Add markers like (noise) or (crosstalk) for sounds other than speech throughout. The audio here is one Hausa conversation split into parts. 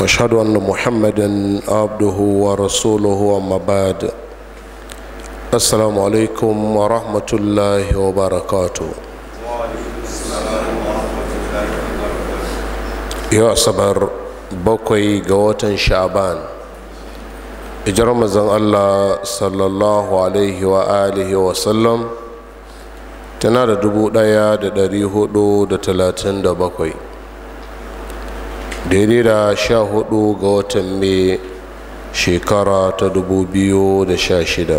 واشهد ان محمدا عبده ورسوله اما بعد السلام عليكم ورحمه الله وبركاته yau asabar bakwai ga watan sha'aban ijar mazan allah sallallahu alaihi wa wa sallam tana da dubu ɗaya da dari hudu da talatin da bakwai daidai da sha hudu ga watan mai shekara ta dubu biyu da sha shida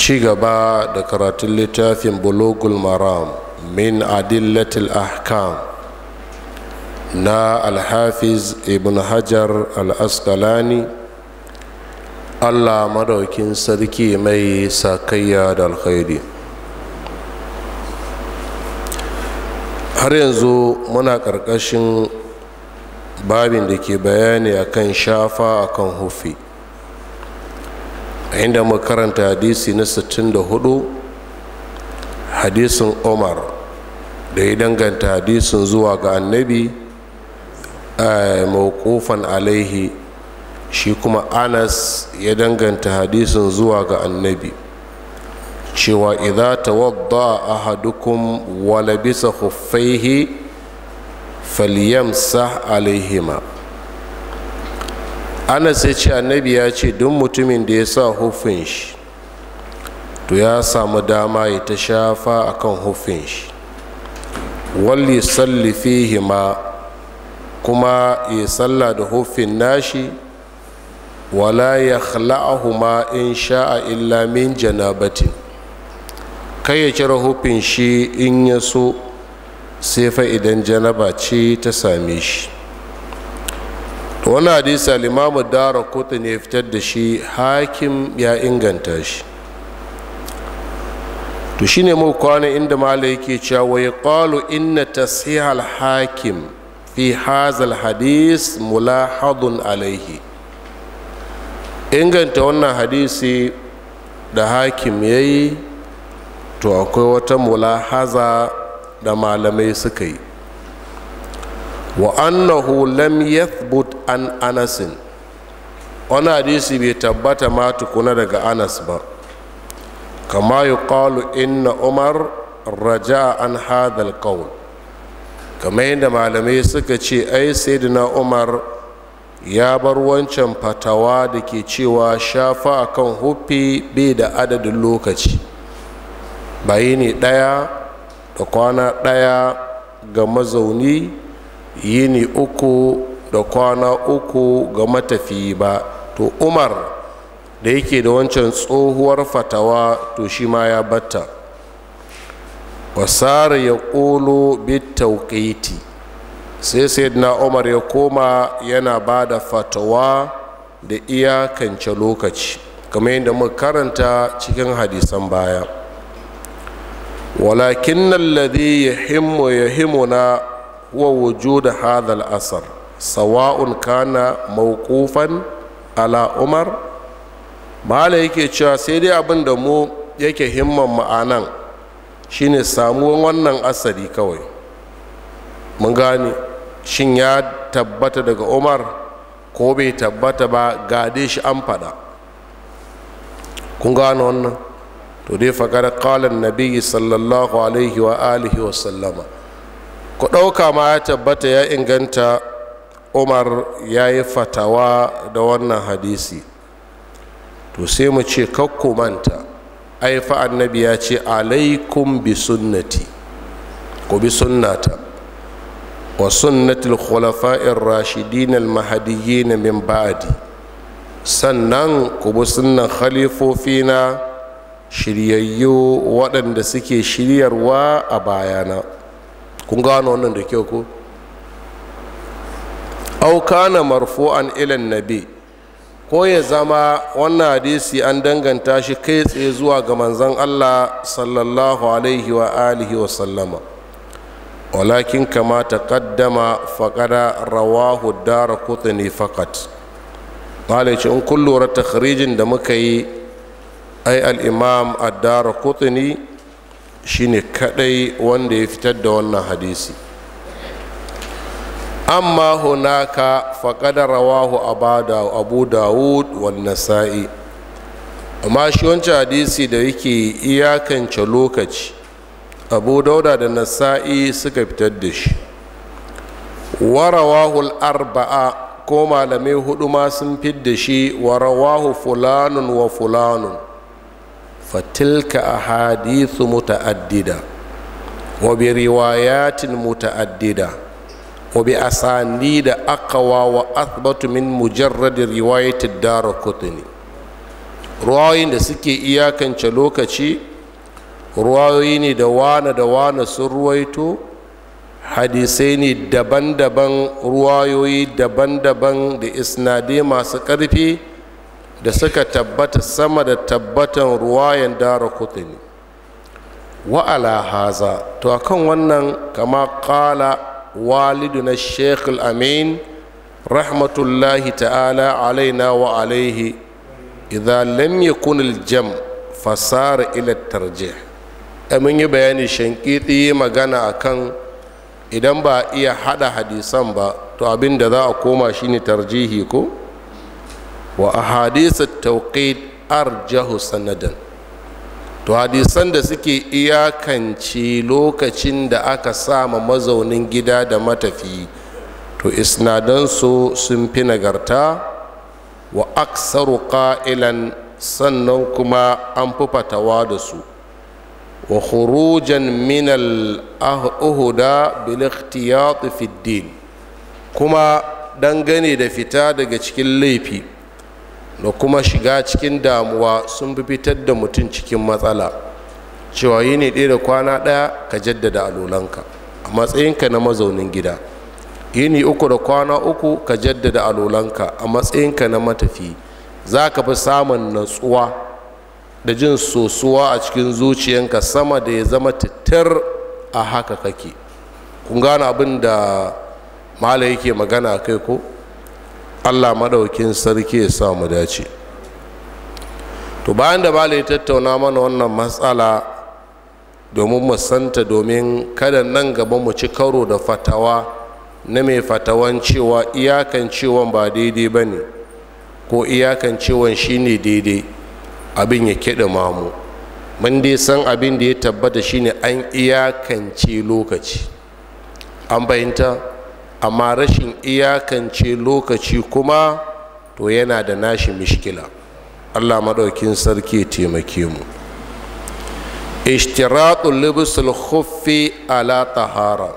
ci gaba da karatun littafin bulogul maram min adillatil ahkam na alhafiz ibn hajar al askalani allah madaukin sarki mai sakayya da alkhairi har yanzu muna ƙarƙashin babin da ke bayani akan shafa akan hufi inda mu karanta hadisi na 64 hadisin omar da ya danganta hadisin zuwa ga annabi mawqufan alaihi shi kuma anas ya danganta hadisin zuwa ga annabi cewa idza tawadda ahadukum wa labisa khuffaihi falyamsah alaihima ana sai ce annabi ya ce duk mutumin da ya sa hufin shi to ya samu dama ya ta shafa a kan hufin shi walli salli ma kuma ya salla da hufin nashi wala ya khla'ahuma in sha'a illa min janabatin kai ya cire rahofin shi in ya so sai fa idan janaba ce ta same shi wani hadisa limamu dara kotu ne fitar da shi hakim ya inganta shi to shi ne kwana inda mala yake cewa ya ƙwalo inna tasihal hakim fi hazal hadis mulahadun alaihi inganta wannan hadisi da hakim ya yi to akwai wata mulahaza da malamai suka yi wa annahu lam yathbut an anasin wani hadisi bai tabbata ma tukuna daga anas ba kama yi inna umar raja an hadal qawl kama yadda malamai suka ce ai na umar ya bar wancan fatawa da ke cewa shafa kan huffi bai da adadin lokaci ba yini ɗaya da kwana ɗaya ga mazauni yini uku da kwana uku ga matafi ba to umar da yake da wancan tsohuwar fatawa to shi ma ya batta wasara ya ƙolo bitaukaiti sai na umar ya koma yana ba da fatawa da iyakance lokaci kamar yadda muka karanta cikin hadisan baya walakin alladhi yahimmu yahimuna huwa wujud hadha al-asr sawa'un kana mawqufan ala umar mala yake cewa sai dai abin da mu yake himman ma'anan shine samuwan wannan asari kawai mun gane shin ya tabbata daga umar ko bai tabbata ba gade shi an faɗa, kun gane wannan to dai faƙar ƙalan nabi sallallahu alaihi wa alihi wa sallama ku ɗauka ma ya tabbata ya inganta umar ya yi fatawa da wannan hadisi to sai mu ce kakku manta ai fa annabi ya ce alaikum bi sunnati ku bi sunnata wa sunnatul khulafa'ir rashidin al mahdiyyin min ba'di sannan ku bi sunnan khalifofina shiryayyo waɗanda suke shiryarwa a bayana kun gano wannan da kyau ko aukana marfu'an ilan nabi ko ya zama wannan hadisi an danganta shi kai tsaye zuwa ga manzon allah sallallahu alaihi wa alihi wa sallama walakin kama taqaddama faqada rawahu dara kutani faqat ce in kun lura takhrijin da muka yi ai al'imam addara shi ne kadai wanda ya fitar da wannan hadisi amma hunaka faƙada rawahu abu dawud wanda nasa'i amma shi wancan hadisi da yake iyakance lokaci abu dauda da nasa'i suka fitar da shi warawahul arba'a ko malamai hudu ma sun fid da shi warawahu fulanun wa fulanun fatilka ahadithu muta'addida wa bi riwayatin muta'addida wa bi da aqwa wa athbatu min mujarrad riwayat ad-darqutni ruwayoyin da suke iyakance lokaci ruwayoyi ne da wane da wane sun ruwaito hadisai ne daban-daban ruwayoyi daban-daban da isnadai masu ƙarfi da suka tabbata sama da tabbatan ruwayan dara kutini wa'ala haza to akan wannan kama kala walidu na al amin rahmatullahi ta'ala alaina wa alaihi idan lam yakun jam fasara ila tarjih amin eh, yi bayani shankiti magana akan idan ba iya hada hadisan ba to abinda za a koma shine tarjihi ko wa ahadisa tauqid arjahu sanadan to hadisan da suke iyakance lokacin da aka sama mazaunin gida da matafi to isnadansu sun fi nagarta wa aksaru ƙa'ilan sannan kuma an fi fatawa da su wa khurujan min al-uhuda ah-, bil ikhtiyat fi din kuma dangane da fita daga cikin laifi da kuma shiga cikin damuwa sun bi fitar da mutum cikin matsala cewa yi ne ɗaya da kwana ɗaya ka jaddada alolanka a matsayinka na mazaunin gida yini uku da kwana uku ka jaddada alolanka a matsayinka na matafi za ka fi samun natsuwa da jin sosuwa a cikin zuciyanka sama da ya zama tattar a haka kake kun gane abin da mala yake magana kai ko allah maɗaukin sarki ya sa mu dace to bayan da bala ya tattauna mana wannan matsala domin mu santa domin kada nan gaba mu ci karo da fatawa na mai fatawan cewa iyakan cewan ba daidai ba ne ko iyakan shi shine daidai abin ya kiɗa mamu mun dai san abin da ya tabbata shine an iyakance lokaci an fahimta amma rashin iyakance lokaci kuma to yana da nashi mishkila allah maɗaukin sarki taimake mu ishtiratu libisul khuffi ala tahara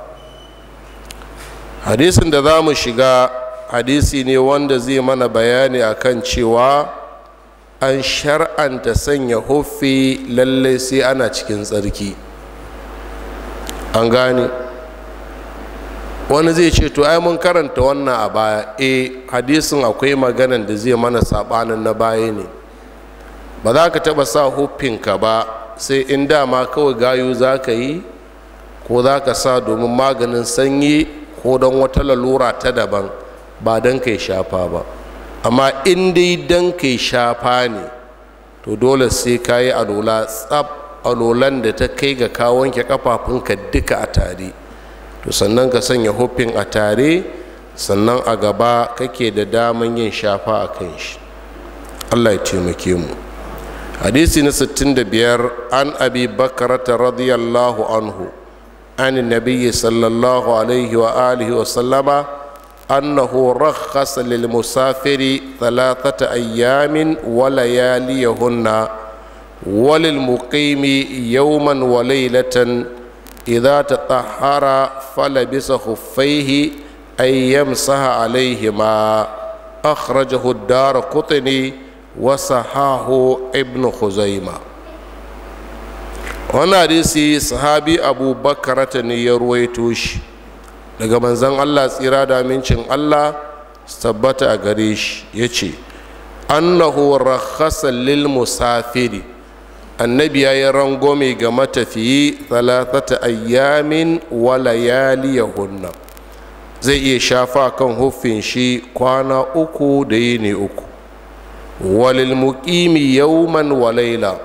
hadisin da za mu shiga hadisi ne wanda zai mana bayani akan cewa an shar'anta sanya huffi lallai sai ana cikin tsarki an gane wani zai ce to ai mun karanta wannan a baya e hadisin akwai maganan da zai mana sabanin na baya ne ba za ka taba sa ka ba sai in dama kawai gayu za ka yi ko za ka sa domin maganin sanyi ko don wata lalura ta daban ba don kai shafa ba amma in dai don kai shafa ne to dole sai ka yi alola tsab alolan da ta kai ga kawonke kafafunka duka a tare sannan ka sanya hoffin a tare sannan a gaba kake da daman yin shafa a kan shi allah ya taimaki mu hadisi na biyar, an abi bakarata radiyallahu anhu an nabiyyi sallallahu alaihi wa alihi wa sallama annahu rakhasa lil musafiri thalathata ayyamin wa layaliyahunna wa lil muqimi yawman wa laylatan idza tatahhara falabisa huffaihi ay yamsaha alaihima akhrajahu ad-darqutni wa sahahu ibn khuzaima wannan hadisi sahabi abu bakarata ne ya ruwaito shi daga manzon Allah tsira da amincin Allah tabbata a gare shi yace annahu rakhasa lil musafiri annabi ya yi rangwame ga matafiyi talatata ayyamin wa hunna zai iya shafa kan huffin shi kwana uku da yini uku walil muqimi yawman wa laila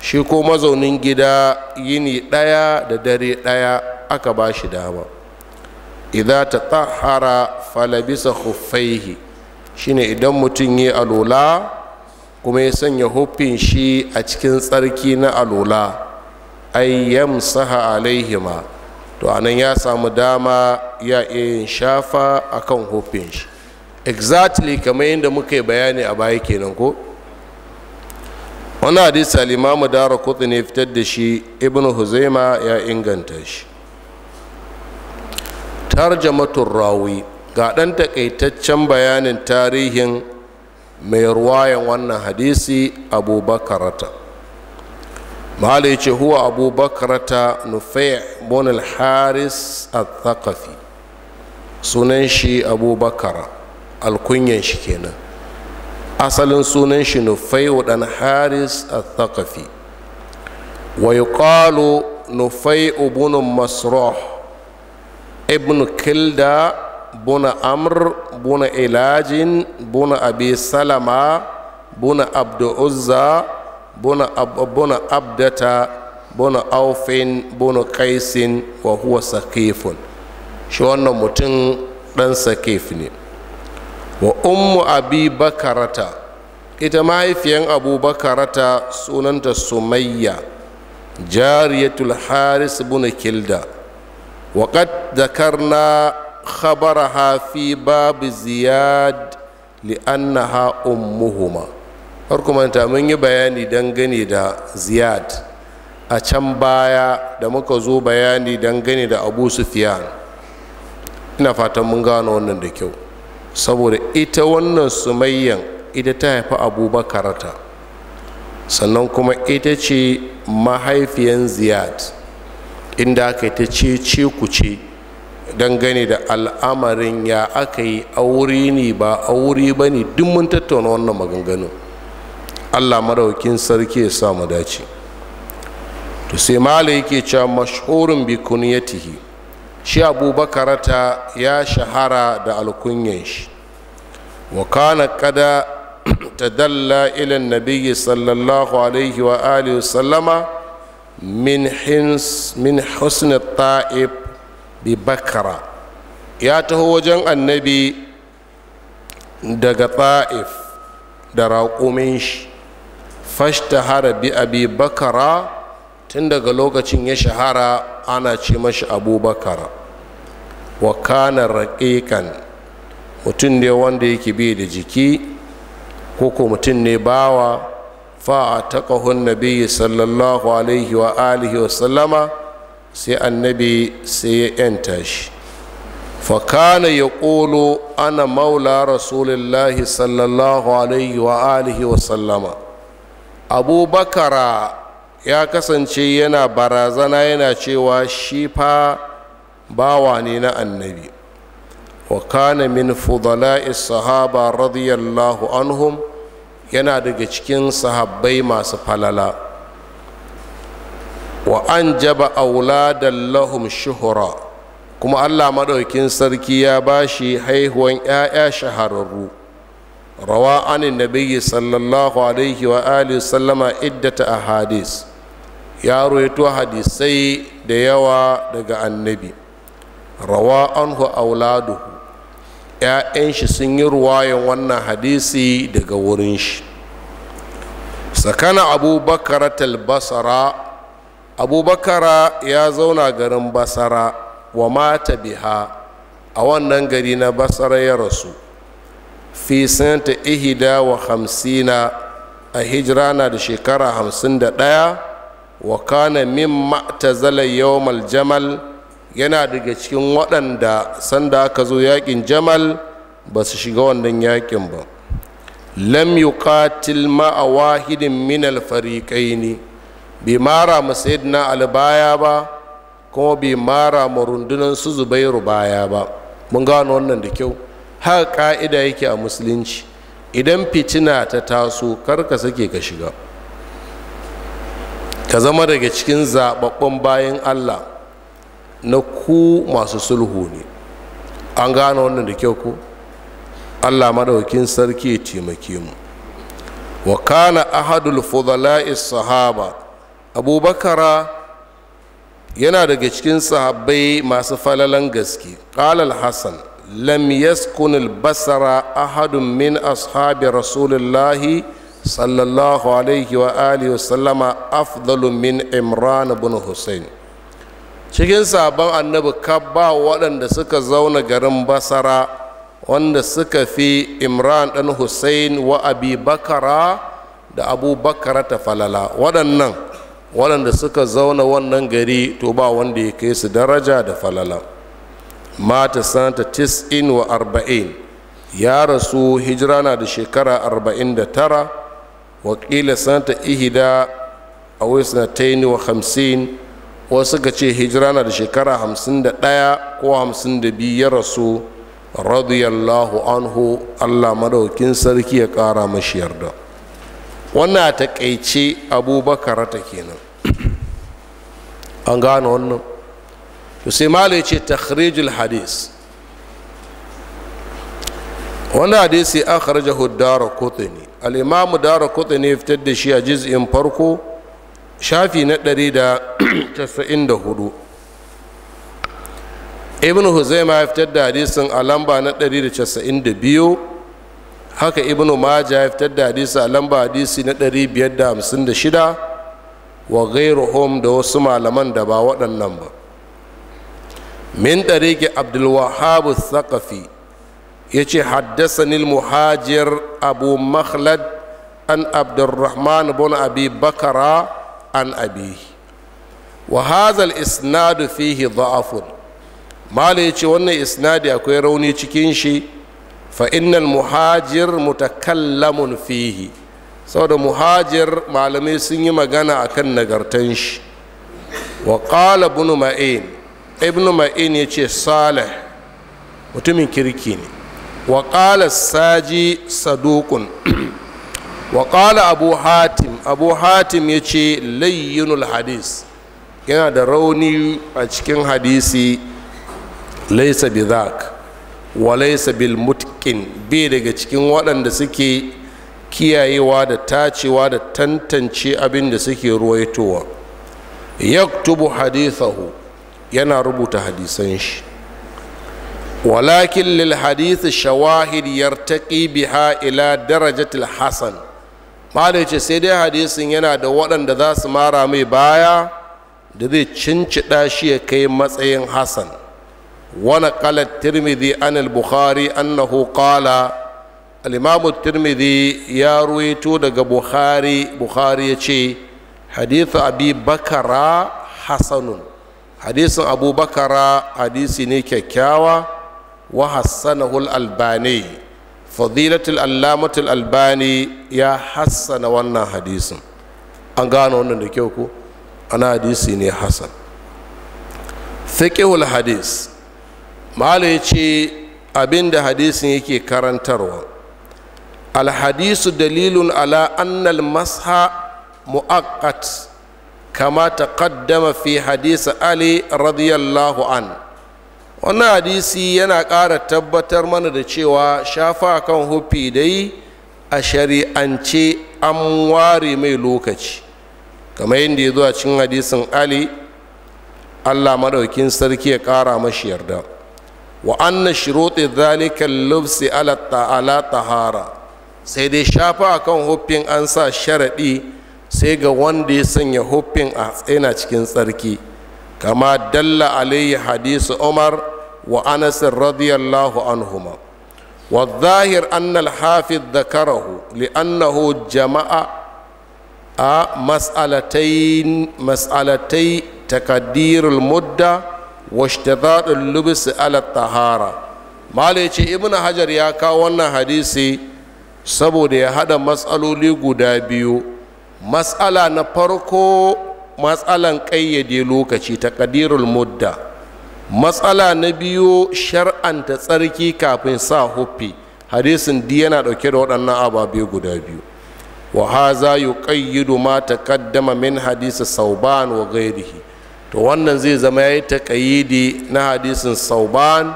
shi ko mazaunin gida yini ɗaya da dare ɗaya aka ba shi dama idza tatahhara falabisa shi shine idan mutum yi alula kuma ya sanya hufin shi a cikin tsarki na alola ai yamsaha alaihima to anan ya samu dama ya iya shafa akan hufin shi exactly kamar yadda muka yi bayani a baya kenan ko wani hadisi alimamu dara kutu ne fitar da shi ibn huzaima ya inganta shi tarjamatun rawi ga ɗan takaitaccen bayanin tarihin mai ruwayan wannan hadisi abubakarata mahalai ce huwa abubakarata nufai bonal haris al sunan shi abubakara alkunyan shi kenan asalin sunan shi nufai dan haris al-thaqafi wa nufai ibn masruh ibn kilda buna amr buna ilajin buna abi salama buna abdu uzza buna, buna abdata buna aufin buna kaisin wa huwa sakifun shi wannan mutum ɗan sakif ne wa ummu abi bakarata ita mahaifiyan abu bakarata sunanta sumayya jariyatul haris buna kilda وقد ذكرنا خبرها في باب زياد لأنها أمهما harku manta mun yi bayani dangane da ziyad a can baya da muka zo bayani dangane da abu sufyan ina fatan mun gano wannan da kyau saboda ita wannan sumayyan ita ta haifi abubakarata sannan kuma ita ce mahaifiyan ziyad inda aka yi ta ce ce ku ce dangane da al'amarin ya aka yi aure ne ba aure ba ne duk mun tattauna wannan maganganu. allah maraukin sarki ya sa dace to sai mala yake cewa mashhurin bi kunyatihi shi abubakarata ya shahara da alkunyan shi wa kana kada (clears throat) tadalla ila nabiyyi sallallahu alaihi wa alihi sallama min hins min husn ta'ib bi bakara ya taho wajen annabi daga ta'if da raƙumin shi fashtahara bi abi bakara tun daga lokacin ya shahara ana ce mashi bakara wa kana raƙiƙan mutum ne wanda yake bi da jiki ko ko mutum ne bawa fa'a taƙahun biyu sallallahu alaihi wa alihi wa sallama sai annabi sai ya yanta shi fakana ya ƙolo ana maula rasulullahi sallallahu alaihi wa alihi wa sallama abubakara ya kasance yana barazana yana cewa shi fa bawa ne na annabi wa kana min fudala'i sahaba radiyallahu anhum yana daga cikin sahabbai masu falala wa an jaba auladan lahum shuhura kuma allah maɗaukin sarki ya ba shi haihuwan 'ya'ya shahararru rawa anin nabiyyi sallallahu alaihi wa alihi sallama iddata a hadis, ya roito hadisai da yawa daga annabi rawa anhu auladuhu 'ya'yan shi sun yi ruwayan wannan hadisi daga wurin shi sakana abubakar basara abubakara ya zauna garin basara wa mata biha a wannan gari na basara ya rasu fi ta ihida wa hamsina a hijira na da shekara hamsin da ɗaya wa kana min ma'tazala yawmal jamal yana daga cikin waɗanda sanda aka zo yakin jamal ba su shiga wannan yakin ba lam yuqatil ma'a wahidin min al-fariqaini bai mara ma sayyidina ali baya ba kuma bai mara ma rundunar su zubairu baya ba mun gano wannan da kyau haka ka'ida yake a musulunci idan fitina ta taso karka sake ka shiga ka zama daga cikin zaɓaɓɓen bayan allah na ku masu sulhu ne an gano wannan da kyau ko allah maɗaukin sarki ya taimake mu wa kana ahadul fudala'is sahaba abubakara yana daga cikin sahabbai masu falalan gaske ƙalal hassan lam yaskun basara ahadun min ashabi rasulullahi sallallahu alaihi wa alihi wasallama afdalu min imran bin hussein cikin sabon annabi kabba waɗanda suka zauna garin basara wanda suka fi imran ɗan hussein wa abi bakara da Abu Bakara ta falala waɗannan waɗanda suka zauna wannan gari to ba wanda ya kai su daraja da falala mata sanata tis'in wa arba'in ya rasu hijira na da shekara arba'in da tara wakila sanata ihida a wasu taini wa hamsin wasu ka ce hijira na da shekara hamsin da ɗaya ko hamsin da biyu ya rasu radiyallahu anhu allah madaukin sarki ya ƙara mashi yarda wannan taƙaice abubakar ta kenan an gane wannan to sai malo ya ce takhrijul hadis wannan hadisi an kharaja hudara kotuni al'imamu dara kotuni ya fitar da shi a jiz'in farko shafi na 194 ibn huzaima ya fitar da hadisin a lamba na 192 haka ibnu maja ya fitar da hadisi a lamba hadisi na 556 wa ghairuhum da wasu malaman da ba waɗannan ba min ɗariƙi abdulwahab thaqafi ya ce haddasani muhajir abu makhlad an abdurrahman bin abi bakara an abi wa hazal isnadu fihi da'afun mala ya ce wannan isnadi akwai rauni cikin shi fa innal muhajir mutakallamun fihi saboda muhajir malamai sun yi magana akan nagartan shi wa qala ibn ma'in ibn ma'in ce salih mutumin kirki ne wa qala saji saduqun (clears throat) wa abu hatim abu hatim ya ce layyunul hadis yana da rauni a cikin hadisi laisa bi zaka walaisa bil mutkin bai daga cikin waɗanda suke kiyayewa da tacewa da tantance abin da suke ruwaitowa yaktubu hadithahu yana rubuta hadisan shi walakin lil hadith shawahid yartaqi biha ila darajatul hasan malai ce sai dai hadisin yana da waɗanda za su mara mai baya da zai cincida shi ya kai matsayin hasan ونقل الترمذي عن البخاري أنه قال الإمام الترمذي يروي رويتو دق بخاري بخاري يشي حديث أبي بكر حسن حديث أبو بكر حديث نيكا كاوى وحسنه الألباني فضيلة الألامة الألباني يا حسن وانا حديث أنغان وانا نكيوكو أنا حديث ني حسن فقه الحديث malu ya ce abinda hadisin yake karantarwa alhadisu dalilun ala annal masha mu'aqqat kama taqaddama fi hadisi ali radiyallahu an Wani hadisi yana ƙara tabbatar mana da cewa shafa kan hufi dai a shari'ance an ware mai lokaci kamar yadda ya zo a cikin hadisin ali allah maɗaukin sarki ya ƙara mashi yarda wa anna shuruɗi zalika lubsi ala tahara sai dai shafa akan hufin an sa sharaɗi sai ga wanda ya sanya huffin a tsena cikin tsarki kama dalla alayhi hadisu umar wa anas radiyallahu anhuma wa zahir annal hafiz dakarahu li'annahu jama'a a mas'alatai mas'alatai takaddirul mudda washtadadul lubs ala tahara malai ce ibnu hajar ya kawo wannan hadisi saboda ya hada matsaloli guda biyu matsala na farko matsalan ƙayyade lokaci ta ƙadirul mudda matsala na biyu shar'anta tsarki kafin sa huffi hadisin di yana ɗauke da waɗannan ababe guda biyu wa haza yuqayyidu ma taqaddama min hadisi sauban wa ghairihi to wannan zai zama ya yi taƙayidi na hadisin sauban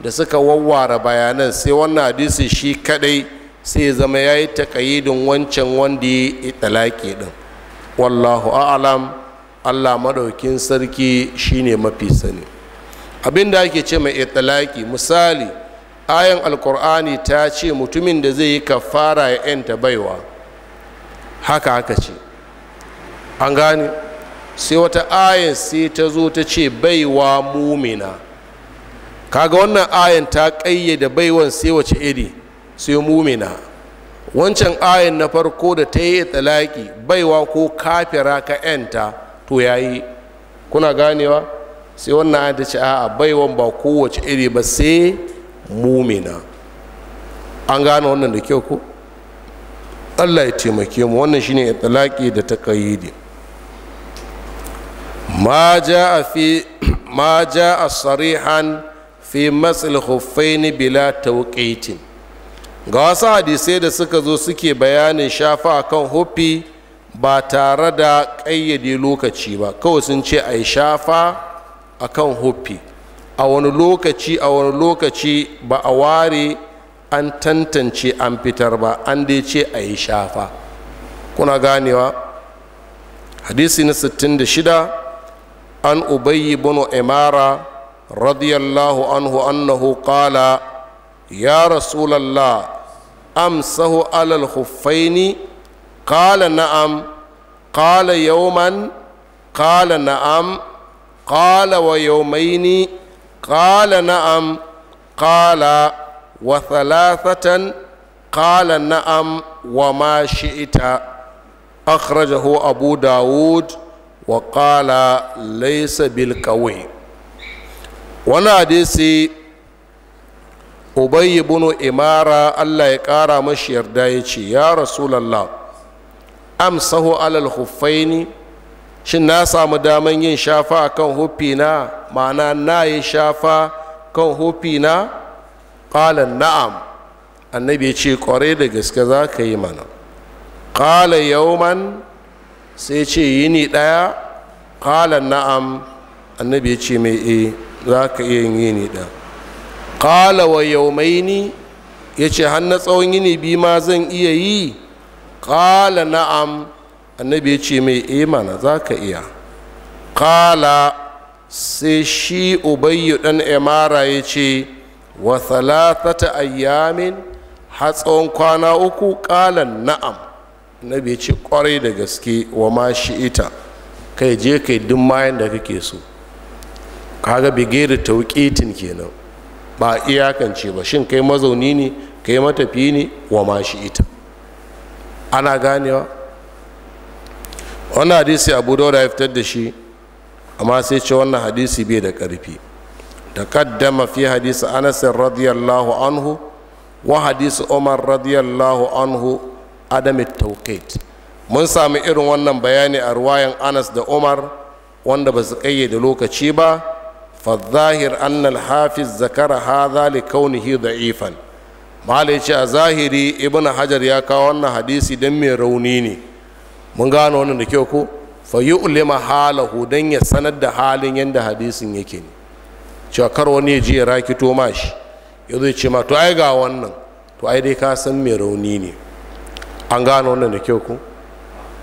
da suka wawware bayanan sai wannan hadisin shi kadai sai zama ya yi taƙayidin wancan wanda ya yi talaki din wallahu a'lam allah maɗaukin sarki shine mafi sani abin da ake ce mai italaki misali ayan alkur'ani ta ce mutumin da zai yi kafara ya 'yanta baiwa haka haka ce an gane sai wata ayan sai ta zo ta ce baiwa mumina kaga wannan ayan ta ƙayyade baiwan sai wace iri sai mumina wancan ayan na farko da ta yi talaki baiwa ko kafira ka yanta to yayi kuna ganewa sai wannan ayan ta ce a'a baiwan ba kowace iri ba sai mumina an gane wannan da kyau ko allah ya taimake mu wannan shine talaki da ta kayyade ma ja a fi ma ja a sarihan fi matsil bila ga wasu hadisai da suka zo suke bayanin shafa akan huffi ba tare da ƙayyade lokaci ba kawai sun ce a shafa akan huffi a wani lokaci a wani lokaci ba a ware an tantance an fitar ba an dai ce a yi shafa kuna ganewa hadisi na 66 an ubayy bin imara radiyallahu anhu annahu qala ya rasulallah amsahu alal huffaini qala na'am qala yawman qala na'am qala wa yawmaini qala na'am qala wa thalathatan قال نعم وما شئت أخرجه أبو داود wa laisabil laysa bil qawi wani hadisi ubayy imara Allah ya ƙara mashi yarda ya ce ya rasulullah amsahu alal khuffaini shin na samu daman yin shafa kan hufina ma'ana na yi shafa kan hufina qala na'am annabi ya ce kware da gaske za ka yi mana qala yawman sai ce yi ni ɗaya ƙala na'am annabi ya ce mai e za ka iya yin ni ɗaya ƙala wa ni ya ce har na tsawon yini bi ma zan iya yi ƙala na'am annabi ya ce mai e mana za ka iya ƙala sai shi ubayyu ɗan emara ya ce wa ta ayyamin har tsawon kwana uku ƙalan na'am nabi ya ce kwarai da gaske wa ma shi'ita kai je kai duk mayan da kake so kaga bigeri tauqitin kenan ba iyakance ba shin kai mazauni ne kai matafi ne wa ma shi'ita ana ganewa wannan hadisi abu dauda ya fitar da shi amma sai ce wannan hadisi bai da karfi تقدم في حديث أنس رضي الله عنه وحديث عمر رضي الله عنه adam tawqit mun samu irin wannan bayani a ruwayan anas da umar wanda ba su kayyade lokaci ba fa anna annal hafiz zakara hadha li kaunihi da'ifan malai ce a zahiri ibnu hajar ya kawo wannan hadisi dan mai rauni ne mun gano wannan da kyau ko fa ulima halahu dan ya sanar da halin yadda hadisin yake ne cewa kar wani ya ji ya rakito mashi ya zai ce ma to ai ga wannan to ai dai ka san mai rauni ne an gano wannan da kyau ku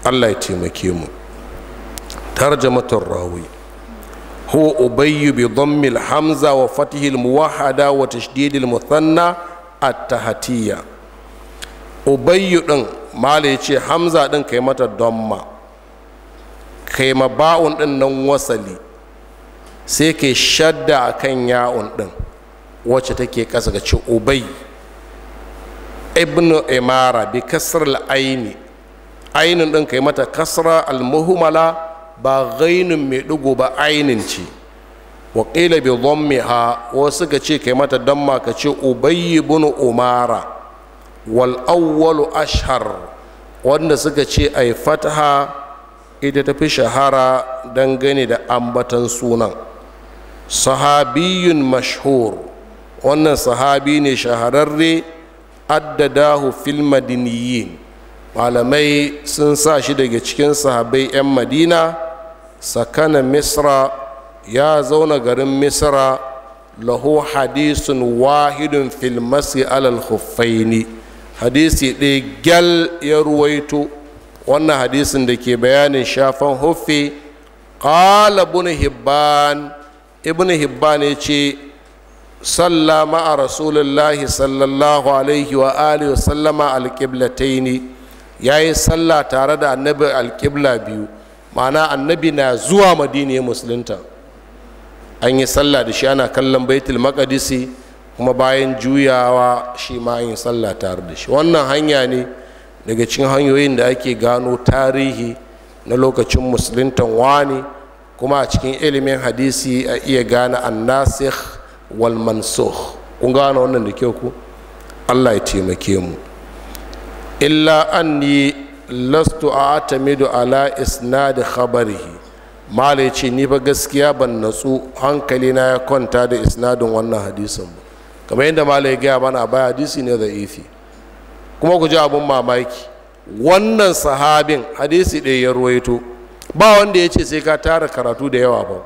allah ya taimake mu tarjamatar rawi huwa ubayyu bi dhammil hamza wa fatihil muwahada wa tashdidil muthanna at tahatiya ubayyu din mala ya ce hamza din kai mata damma kai ma ba'un din nan wasali sai kai shadda kan ya'un din wacce take kasa ga ce ubayyu ibnu imara bi kasar al'aini ainin ɗin kai mata kasra al-muhumala ba gainin mai dugu ba ainin ce wa ƙila bi ha wasu ka ce kai mata damma ka ce ubayi bin umara wal awwalu ashhar wanda suka ce ai fataha ita tafi shahara dangane da ambatan sunan sahabiyun mashhur wannan sahabi ne shahararre addadahu fil madiniyin malamai sun sa shi daga cikin sahabai 'yan madina sakana misra ya zauna garin misra lahu hadisun wahidun fil masi alal hadisi ɗaya gyal ya ruwaito wannan hadisin da ke bayanin shafan huffi ƙala ibn hibban ibn hibban ya ce صلى مع رسول الله صلى الله عليه وآله وسلم على القبلتين ياي annabi تارد biyu ma'ana annabi na zuwa نازوا مدينة مسلمة an yi sallah da shi ana kallon baitul makadisi kuma bayan juyawa shi ma yi salla tare da shi wannan hanya ne daga cikin hanyoyin da ake gano tarihi na lokacin musulunta wani kuma a cikin ilimin hadisi a iya gane annasir wal mansukh kun gane wannan da kyau ku allah ya taimake mu illa anni lastu atamidu ala isnad khabarihi ya ce ni ba gaskiya ban natsu hankali na ya kwanta da isnadin wannan hadisin ba kamar yadda ya gaya mana baya hadisi ne da ifi kuma ku ji abun mamaki wannan sahabin hadisi ɗaya ya ruwaito ba wanda ya ce sai ka tara karatu da yawa ba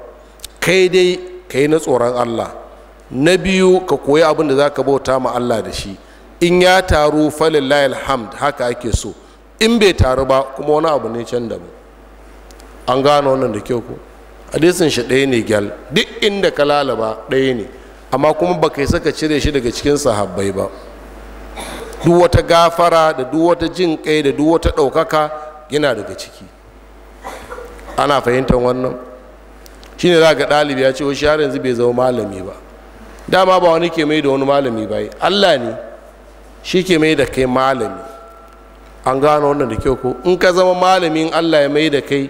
kai dai ka na tsoron allah na biyu ka koyi abin da za ka bauta ma allah da shi in ya taru falillahi alhamd haka ake so in bai taru ba kuma wani abu ne can daban an gano wannan da kyau ko hadisin shi ɗaya ne gyal duk inda ka lalaba ɗaya ne amma kuma ba yi saka cire shi daga cikin sahabbai ba duk wata gafara da duk wata jin kai da duk wata ɗaukaka yana daga ciki ana fahimtar wannan shine za ga ɗalibi ya ce wasu shi har yanzu bai zama malami ba dama ba wani ke mai da wani malami ba allah ne shi ke mai da kai malami an gano wannan da kyau ko in ka zama malamin allah ya mai da kai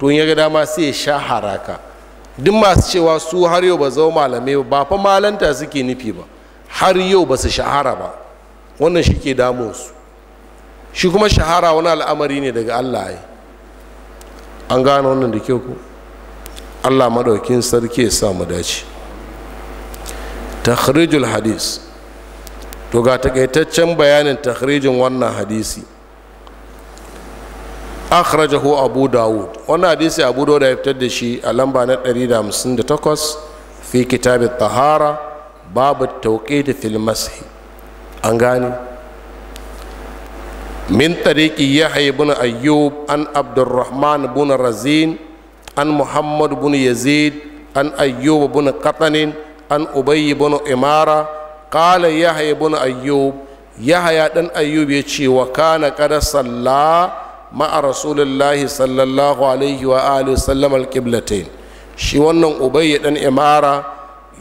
to ya ga dama sai ya sha haraka duk masu cewa su har yau ba zama malamai ba fa malanta suke nufi ba har yau ba su shahara ba wannan shi ke su shi kuma shahara wani al'amari ne daga allah ya an gano wannan da kyau ko allah madaukin sarki ya sa mu dace takhrijul hadis to ga takaitaccen bayanin takhrijin wannan hadisi akhrajahu abu dawud wannan hadisi abu dawud ya fitar da shi a lamba na 158 fi kitabit tahara babu tauqid fil mashi an gane min tariki yahya ibn ayyub an abdurrahman ibn razin an muhammad ibn yazid an ayyub ibn qatanin an ubayi ibn imara kala ya haye ibn ayyub haya dan ayyub ya ce wa kana kada salla ma'a rasulullahi sallallahu alaihi wa alihi sallam alqiblatain shi wannan ubayi dan imara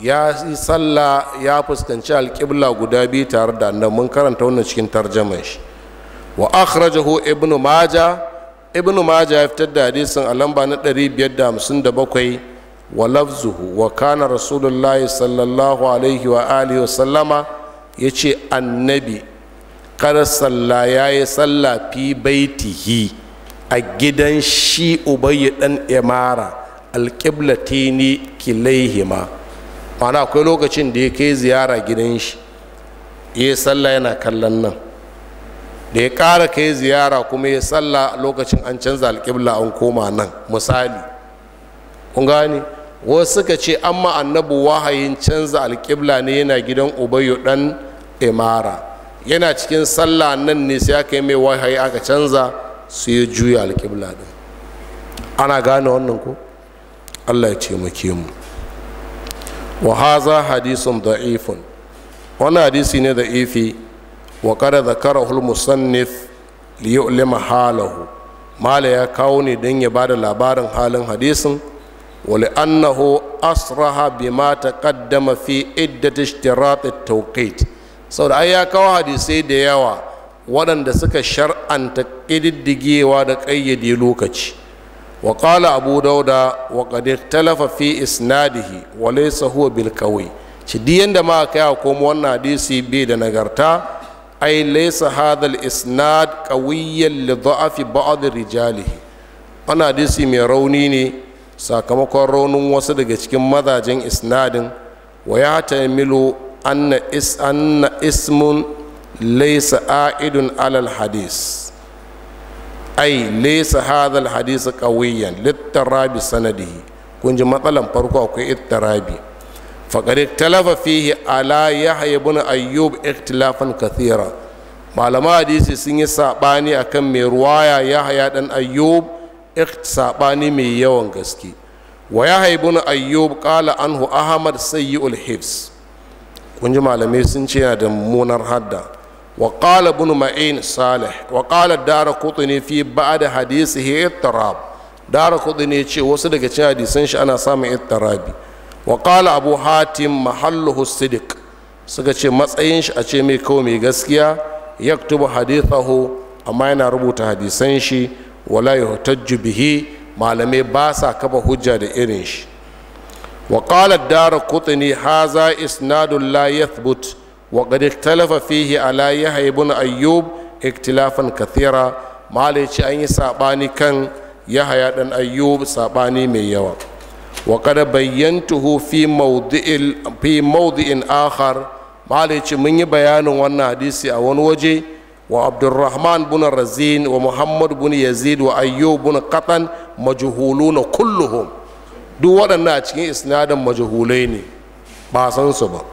ya yi salla ya fuskanci al-qibla guda biyu tare da nan mun karanta wannan cikin tarjaman shi wa akhrajahu ibnu majah ibnu majah ya fitar da hadisin a lamba na 557 wa lafzuhu wa kana rasulullahi sallallahu alaihi wa alihi ya ce annabi kada salla ya yi salla fi baitihi a gidan shi ubayi dan imara alƙiblatini kilaihima Mana akwai lokacin da ya kai ziyara gidan shi ya salla yana kallon nan da ya ƙara kai ziyara kuma ya salla lokacin an canza alƙibla an koma nan misali kun gane wasu suka ce amma annabu wahayin canza alƙibla ne yana gidan ubayu ɗan imara yana cikin sallah nan ne sai aka yi mai wahayi aka canza su yi juya alƙibla ɗin ana gane wannan ko allah ya muke mu wa haza hadisun ifin wani hadisi ne da ifi wa kada zakarahul musannif liyulima halahu mala ya kawo ne don ya ba da labarin halin hadisin ولأنه أصرح بما تقدم في عدة اشتراط التوقيت saboda ai ya kawo hadisai da yawa waɗanda suka shar'anta ƙididdigewa da ƙayyade lokaci wa ƙala abu dauda wa ƙadir talafa fi isnadihi wa laysa huwa bil qawi ci yanda ma kai komo wannan hadisi bai da nagarta ai laysa hadal isnad qawiyyan li dha'fi ba'd rijalihi wannan hadisi mai rauni ne sakamakon raunin wasu daga cikin mazajen isnadin wa ya taimilo anna is anna ismun laysa a'idun alal hadis ai laysa hadha al qawiyan littarabi sanadihi kun ji matsalan farko akwai ittirabi faqad talafa fihi ala yahya ibn ayyub ikhtilafan kathira malama hadisi sun yi saɓani akan mai ruwaya yahya dan ayyub saɓani mai yawan gaske wa ya haibu na ayyub ƙala anhu ahmad sayyi'ul hifs kun ji malamai sun ce yana da mummunar hadda wa ƙala bunu ma'in salih wa ƙala dara fi ba'da hadisihi ittirab dara ne ce wasu daga cikin hadisan shi ana samun ittirabi wa ƙala abu hatim mahalluhu sidik suka ce matsayin shi a ce mai kawai mai gaskiya yaktubu hadithahu amma yana rubuta hadisan shi wala yuhtajju bihi malamai ba sa kafa hujja da irin shi wa qala ad haza isnadun la yathbut wa qad ikhtalafa fihi ala yahya ibn ayyub ikhtilafan kathira malai ce an yi sabani kan yahya dan ayyub sabani mai yawa wa bayyan bayyantuhu fi mawdi'in fi mawdi'in akhar malai ce mun yi bayanin wannan hadisi a wani waje وعبد الرحمن بن الرزين bin yazid wa وأيوب بن قطن مجهولون كلهم duk waɗannan a cikin isnadin majahulai ne ba san su ba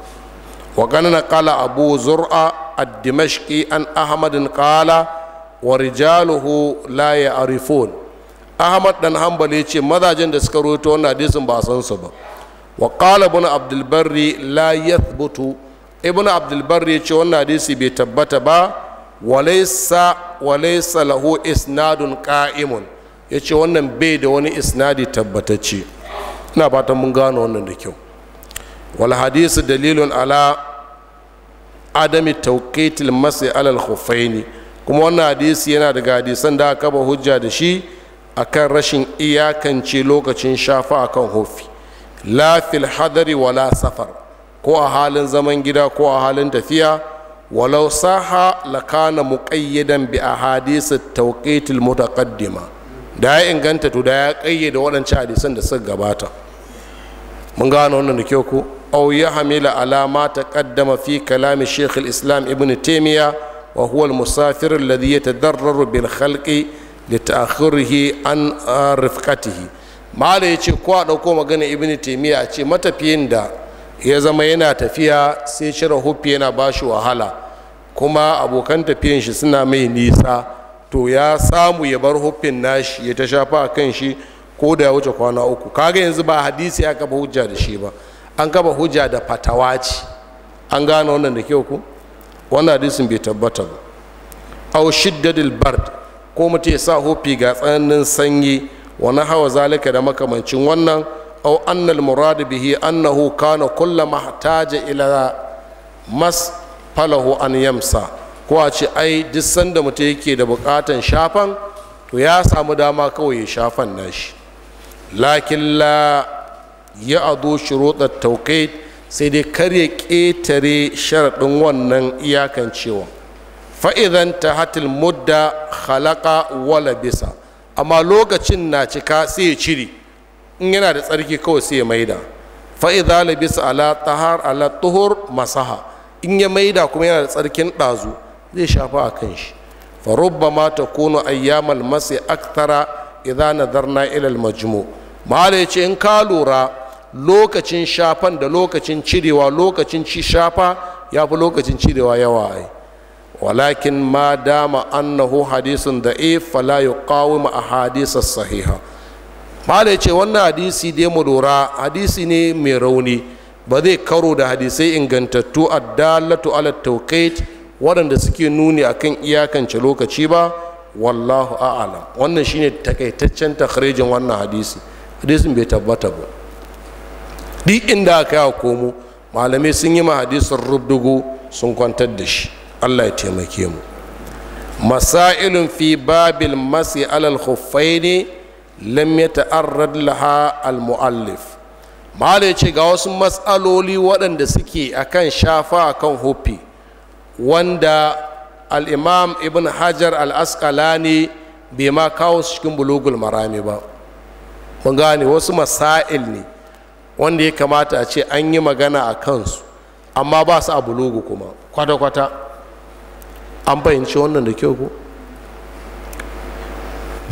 wa ganna qala abu zur'a ad-dimashqi an ahmadin qala wa rijaluhu la ya'rifun ahmad dan hanbali ce mazajen da suka rawaito wannan hadisin ba san su ba wa qala ibn abdul barri la yathbutu ibn barri ce wannan hadisi bai tabbata ba walaisa walaisa lahu isnadun qa'imun yace wannan bai da wani isnadi tabbatacce ina fatan mun gano wannan da kyau wal hadisu dalilun ala adami tawqitil masi alal khuffaini kuma wannan hadisi yana daga hadisan da aka ba hujja da shi akan rashin iyakance lokacin shafa akan hufi la fil hadari wala safar ko a halin zaman gida ko a halin tafiya walau saha mu ƙayyadan bi a hadisa mutaƙaddima da ya inganta to da ya ƙayyada waɗancan hadisan da suka gabata mun gano wannan da kyau ku. au ya hamila alama ta ƙaddama fi kalami shekh islam ibn taimiya wa huwa musafir alladhi yatadarraru bil khalqi li ta'khirihi an rifqatihi mala yace ko a dauko magana ibn taimiya a ce matafiyin da ya zama yana tafiya sai cire yana ba shi wahala kuma abokan tafiyan shi suna mai nisa to ya samu ya bar huffin nashi ya ta shafa a kan shi ko da ya wuce kwana uku kaga yanzu ba hadisi ya kaba hujja da shi ba an kafa hujja da fatawaci ce an gane wannan da kyau ku wannan hadisin bai tabbata ba au shiddadil bard ko mutum ya sa hufi ga tsananin sanyi wani hawa zalika da makamancin wannan au annal murad bihi annahu kana kullama hataja ila mas falahu an yamsa ko a ce ai duk sanda mutum yake da bukatan shafan to ya samu dama kawai ya shafan nashi lakin la ya ado shuruɗar taukai sai dai kar ya ƙetare sharaɗin wannan iyakancewa fa'idan ta hatil mudda halaka wala bisa amma lokacin na cika sai ya cire in yana da tsarki kawai sai ya maida fa'idan labisa ala tahar ala tuhur masaha in ya maida kuma yana da tsarkin ɗazu zai shafa a kan shi farubba ma ta kono ayyamal masai aktara idan zarna ilal majmu mahala ya ce in ka lura lokacin shafan da lokacin cirewa lokacin ci shafa ya fi lokacin cirewa yawa ai walakin ma dama annahu hadisun da e fala a hadisar sahiha mahala ya ce wannan hadisi dai mu lura hadisi ne mai rauni ba zai karo da hadisai ingantattu a dalatu ala tawqit waɗanda suke nuni akan iyakance lokaci ba wallahu a'lam wannan shine takaitaccen takhrijin wannan hadisi hadisin bai tabbata ba duk inda aka yi komo malamai sun yi ma hadisin rubdugu sun kwantar da shi Allah ya taimake mu masailun fi babil masi alal khuffaini lam yata'arrad laha al muallif malai ce ga wasu matsaloli waɗanda suke akan shafa kan hufi wanda al'imam ibn hajar al'askalani bai ma kawo su cikin bulugul marami ba mun gane wasu masail ne wanda ya kamata a ce an yi magana a kansu amma ba su a bulugu kuma kwata-kwata an fahimci wannan da kyau ku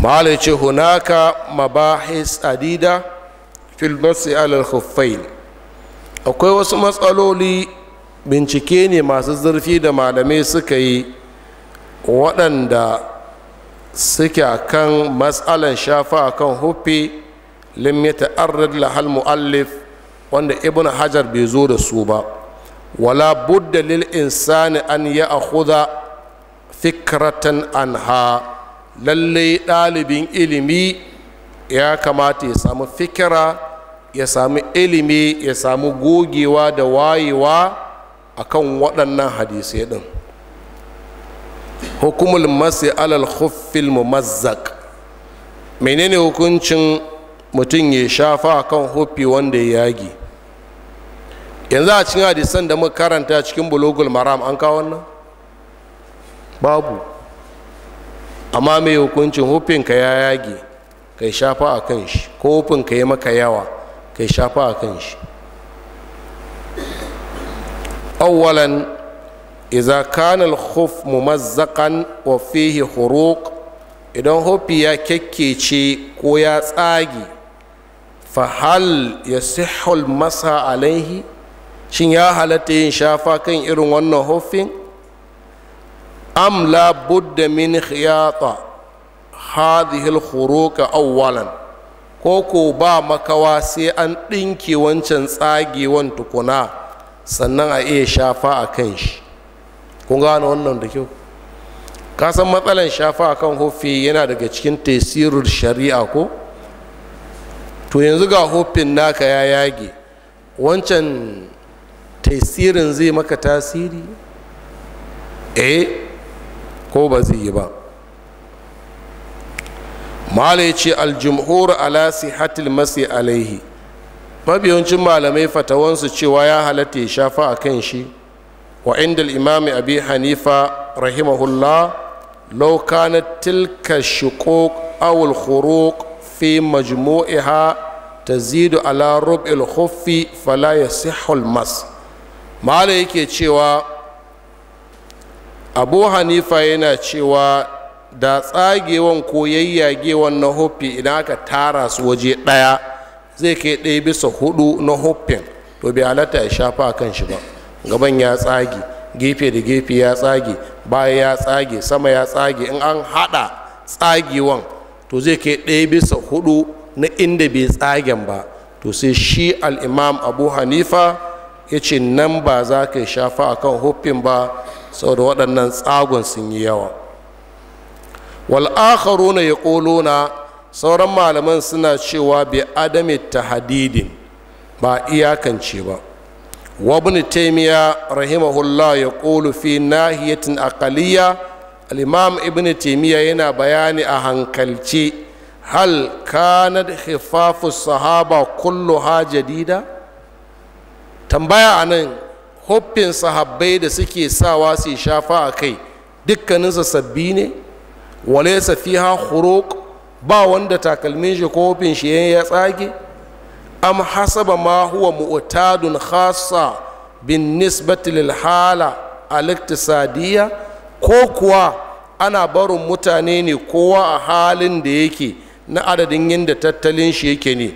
malai ce hunaka mabahis adida fil basi alal akwai wasu matsaloli bincike ne masu zurfi da malamai suka yi waɗanda suke kan matsalan shafa a huffi lim ya ta'arrad lahal mu'allif wanda ibn hajar bai zo da su ba wala budda lil insani an ya akhudha fikratan anha lallai ɗalibin ilimi ya kamata ya samu fikira ya sami ilimi ya sami gogewa da wayewa a kan waɗannan hadisai ɗin hukumul masu alal mu mazzak menene hukuncin mutum ya shafa a kan huffi wanda ya yagi yanzu a cikin hadisan da muka karanta cikin bulogul maram an kawo wannan babu amma mai hukuncin huffinka ya yage kai shafa a kan shi ko huffinka ya maka yawa kai shafa a kan shi awwalan iza kana al-khuf mumazzaqan wa fihi khuruq idan hufi ya kekkece ko ya tsage fa hal yasihhu al-masa alaihi shin ya halatta yin shafa kan irin wannan hufin am la budda min khiyata hadhihi al-khuruq awwalan ko ko ba makawa sai an ɗinke wancan tsagewan tukuna sannan a iya shafa a kan shi kun gane wannan da kyau kasan matsalan shafa a kan hofi yana daga cikin tasirin shari'a ko to yanzu ga hofin naka ya yage wancan tasirin zai maka tasiri eh ko ba zai yi ba mala ya ce aljumhur ala sihatil masi alaihi mabiyancin malamai fatawansu cewa ya halatta ya shafa a kan shi wa inda imami abi hanifa rahimahullah law kanat tilka shuquq aw al khuruq fi majmu'iha tazidu ala rub'il khuffi fala yasihhu al mas mala yake cewa abu hanifa yana cewa da tsagewan ko yayyagewan na hoffi idan aka tara su waje ɗaya zai kai ɗaya bisa hudu na hoffin to bi halatta ya shafa kan shi ba gaban ya tsage gefe da gefe ya tsage baya ya tsage sama ya tsage in an haɗa tsagewan to zai kai ɗaya bisa hudu na inda bai tsagen ba to sai shi al'imam abu hanifa ya ce nan ba za ka shafa akan hoffin ba saboda waɗannan tsagon sun yi yawa wal akharuna yaquluna sauran malaman suna cewa bi adami tahdidin ba iyakance ba wa ibn taymiya rahimahullah yaqulu fi nahiyatin aqaliyya al-imam ibn taymiya yana bayani a hankalce hal Hifafu khifafu sahaba kulluha jadida tambaya anan hoffin sahabbai da suke sawa su shafa a kai dukkaninsa sabbi ne Wale fiha khuruq ba wanda takalmin shi kofin shi ya tsage am hasaba ma huwa mu'tadun khassa bin nisbati lil hala al iktisadiyya ko kuwa ana barin mutane ne kowa a halin da yake na adadin yadda tattalin shi yake ne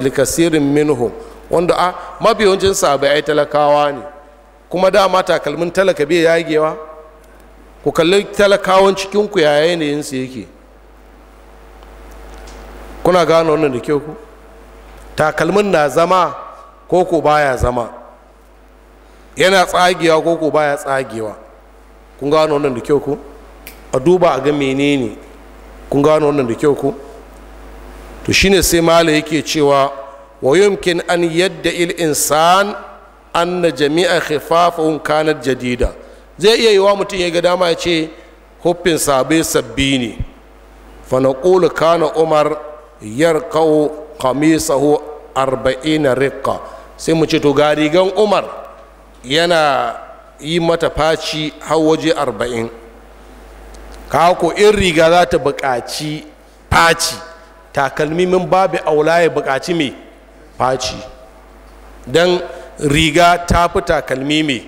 likasirin minhum wanda a mabiyancin sabai talakawa ne kuma dama takalmin talaka bai yagewa ku kalli talakawan cikinku ya yanayinsu yake kuna gano wannan da kyau ku takalmin na zama ko ko baya zama yana tsagewa ko ko baya tsagewa kun gano wannan da kyau ku a duba a ga menene kun gano wannan da kyau ku to shine sai mala yake cewa wa yumkin an yadda il insan anna jami'a khifafun kanat jadida zai iya yiwa mutum ya ga dama ya ce huffin sabai sabbi ne fanaƙulu kana umar yarkau kamisahu arba'ina rikka sai mu ce to ga rigan umar yana yi mata faci har waje arba'in ka ko in riga za ta buƙaci faci takalmi min babu aula ya buƙaci mai faci don riga ta fi takalmi mai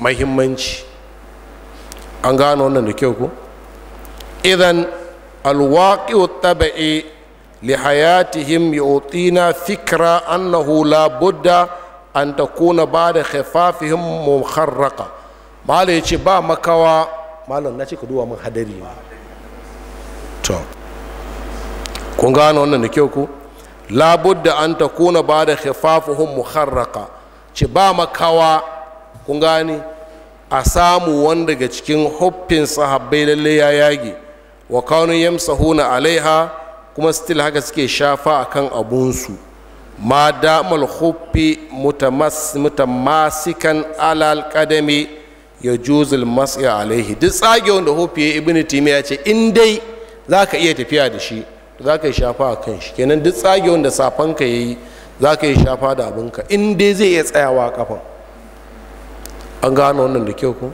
mahimmanci an gano wannan da kyau ko idan alwaqi'u tabi'i li hayatihim yu'tina fikra annahu la budda an takuna ba'da khifafihim mukharraqa mala yace ba makawa malam na ce ka duwa min hadari ne to kun gano wannan da kyau ko la budda an takuna ba'da khifafihim mukharraqa ce ba makawa kun gane a samu wanda daga cikin hoffin sahabbai lalle ya yage wa yamsa Huna alaiha kuma still haka suke shafa a kan abunsu ma damar hoffi mutamasikan alal kadami ya juzul masu alaihi duk tsage wanda hoffi ya ibini timi ya ce in dai za ka iya tafiya da shi za ka yi shafa a kan shi kenan duk tsage wanda safanka ya yi za ka yi shafa da abinka in dai zai iya tsayawa kafan an gano wannan da kyau ko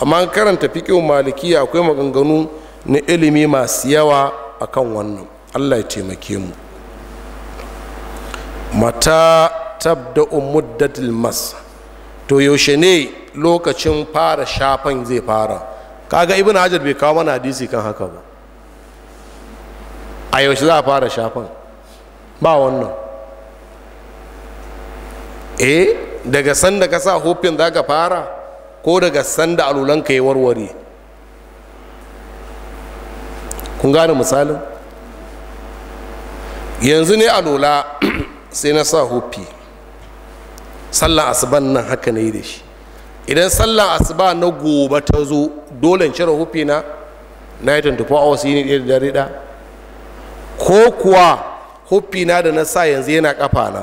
amma karanta fiƙin maliki akwai maganganu na ilimi masu yawa akan wannan Allah ya taimake mu mata tabda muddatul mas to yaushe ne lokacin fara shafan zai fara kaga ibn hajar bai kawo mana hadisi kan haka ba a yaushe za a fara shafan ba wannan eh daga sanda ka sa hufin za ka fara ko daga sanda alulanka ya warware kun gane misalin yanzu ne alula (clears throat) sai na sa hufi sallan asuban nan haka na yi da shi idan sallan asuba na gobe ta zo dole cire hufi na na yi 24 hours yini ne ɗaya da ko kuwa hufi na da na sa yanzu yana kafa na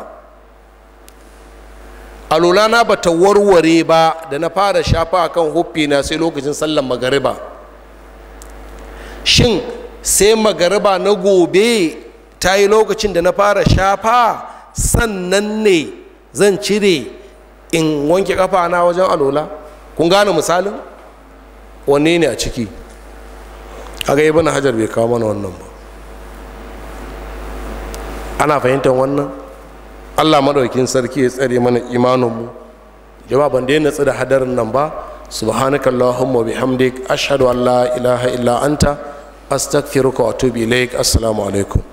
alulana ba ta warware ba da na fara shafa a kan na sai lokacin sallan magariba shin sai magariba na gobe ta yi lokacin da na fara shafa sannan ne zan cire in wanke kafa na wajen alola kun gane misalin wanne ne a ciki a ga ibn hajar bai kawo mana wannan ba ana fahimtar wannan allah maɗaukin sarki ya tsare mana imaninmu jama'a ban daina tsi da hadarin nan ba subhanaka allahumma bihamdik ashhadu an la ilaha illa anta astaghfiruka wa atubu ilaik assalamu alaikum